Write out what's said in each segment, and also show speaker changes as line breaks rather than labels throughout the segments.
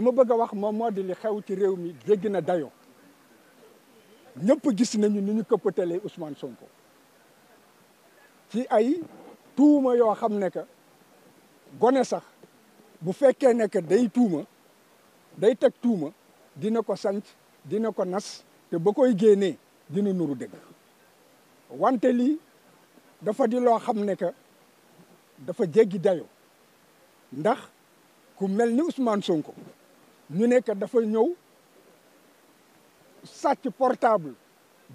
li ma bëgg a wax moom moo di li xew ci réew mi jéggi na dayo ñëpp gis nañu ni ñu këppatalee Ousmane Sonko ci ay tuuma yoo xam ne que gone sax bu fekkee ne que day tuuma day teg tuuma dina ko sanc dina ko nas te ba koy génnee dina nuru dëgg wante lii dafa di loo xam ne que dafa jéggi dayoo ndax ku mel ni Ousmane Sonko ñu nekk dafa ñëw sàcc portable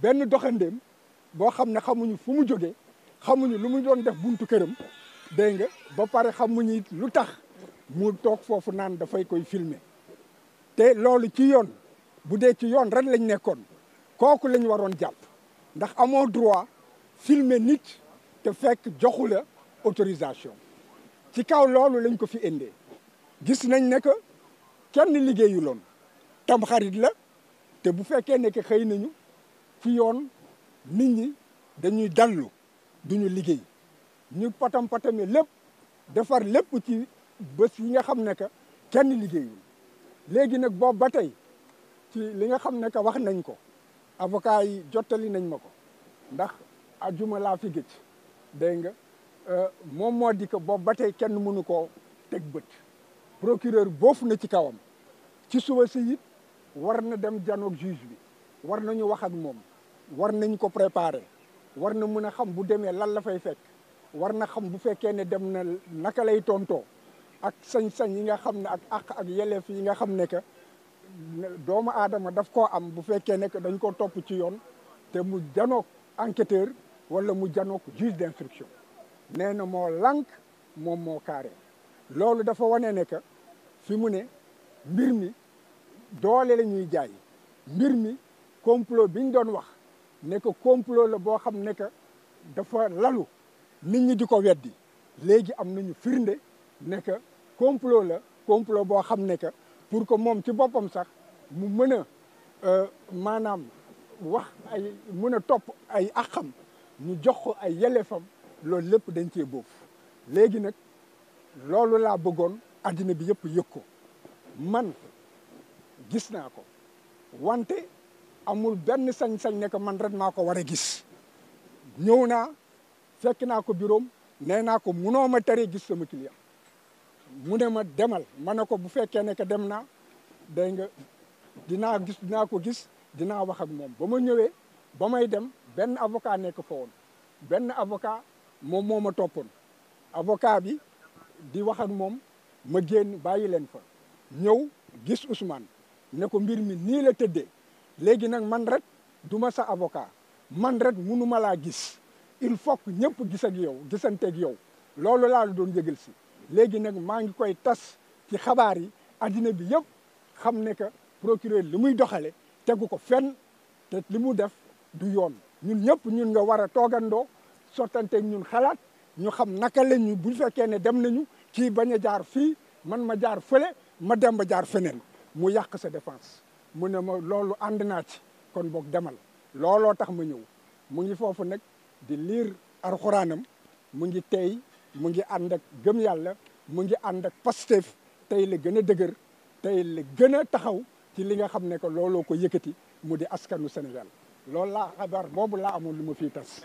benn doxandéem boo xam ne xamuñu fu mu jógee xamuñu lu mu doon def buntu këram dégg nga ba pare xamuñu lu tax mu toog foofu naan dafay koy filmer te loolu ci yoon bu dee ci yoon rek lañ nekkoon kooku lañ waroon jàpp ndax amoo droit filmer nit te fekk joxu la autorisation ci kaw loolu lañ ko fi indee gis nañ ne que kenn liggéeyuloon loon tam la te bu fekkee ne xëy nañu fi yoon nit ñi dañuy dallu duñu liggéey ñu patam lépp defar lépp ci bës yi nga xam ne que kenn liggéeyul léegi nag boobu ba tey ci li nga xam ne que wax nañ ko avocat yi jottali nañ ma ko ndax ajuma laa fi gëj dégg nga euh, moom moo di que boobu ba tey kenn mënu koo teg bët procureur boofu na ci kawam ci suba si it war na dem janoog juge bi war nañu wax ak moom war nañ ko préparer war na mun a xam bu demee lan la fay fekk war na xam bu fekkee ne dem na naka lay tontoo ak sañ-sañ yi nga xam ne ak àq ak yelleef yi nga xam ne que doomu aadama daf koo am bu fekkee ne que dañ ko topp ci yoon te mu janoog enquêteur wala mu janoog juge d'instruction nee na moo lank moom moo carré loolu dafa wane ne que fi mu ne mbir mi doole la ñuy jaay mbir mi complot bi ñu doon wax ne que complot la boo xam ne que dafa lalu nit ñi di ko weddi léegi am nañu firnde ne que complot la complot boo xam ne que pour que moom ci boppam sax mu mën a euh, maanaam wax ay mën a topp ay àqam ñu jox ko ay yelleefam loolu lépp dañ cee boof léegi nag loolu laa bëggoon àddina bi yëpp yëg ko man gis naa ko wante amul benn sañ-sañ ne ko man ret maa ko war a gis ñëw naa fekk naa ko buróom nee naa ko munoo ma tere gis sama client mu ne ma demal ma ne ko bu fekkee ne que dem naa day nga dinaa gis dinaa ko gis dinaa wax ak moom ba ma ñëwee ba may dem benn avocat nekk fa woon benn avocat moom moo ma toppoon avocat bi di wax moom ma génn bàyyi leen fa ñëw gis Ousmane ne ko mbir mi nii la tëddee léegi nag man rek du ma sa avocat man rek munu laa gis il faut que ñëpp gis ak yow gisanteeg yow loolu laa la doon yëgal si léegi nag maa ngi koy tas ci xabaar yi addina bi yëpp xam ne que procureur li muy doxale tegu ko fenn te li mu def du yoon ñun ñëpp ñun nga war a toogandoo sottanteeg ñun xalaat ñu xam naka la ñu bu fekkee ne dem nañu ci bañ a jaar fii man ma jaar fële ma dem jaar feneen mu yàq sa défense mu ne ma loolu ànd naa ci kon boog demal looloo tax ma ñëw mu ngi foofu nag di liir alxuraanam mu ngi tey mu ngi ànd ak gëm yàlla mu ngi ànd ak Pastef tey la gën a dëgër tey la gën a taxaw ci li nga xam ne que looloo ko yëkkati mu di askanu Sénégal loolu laa xabaar boobu laa amoon lu ma fiy tas.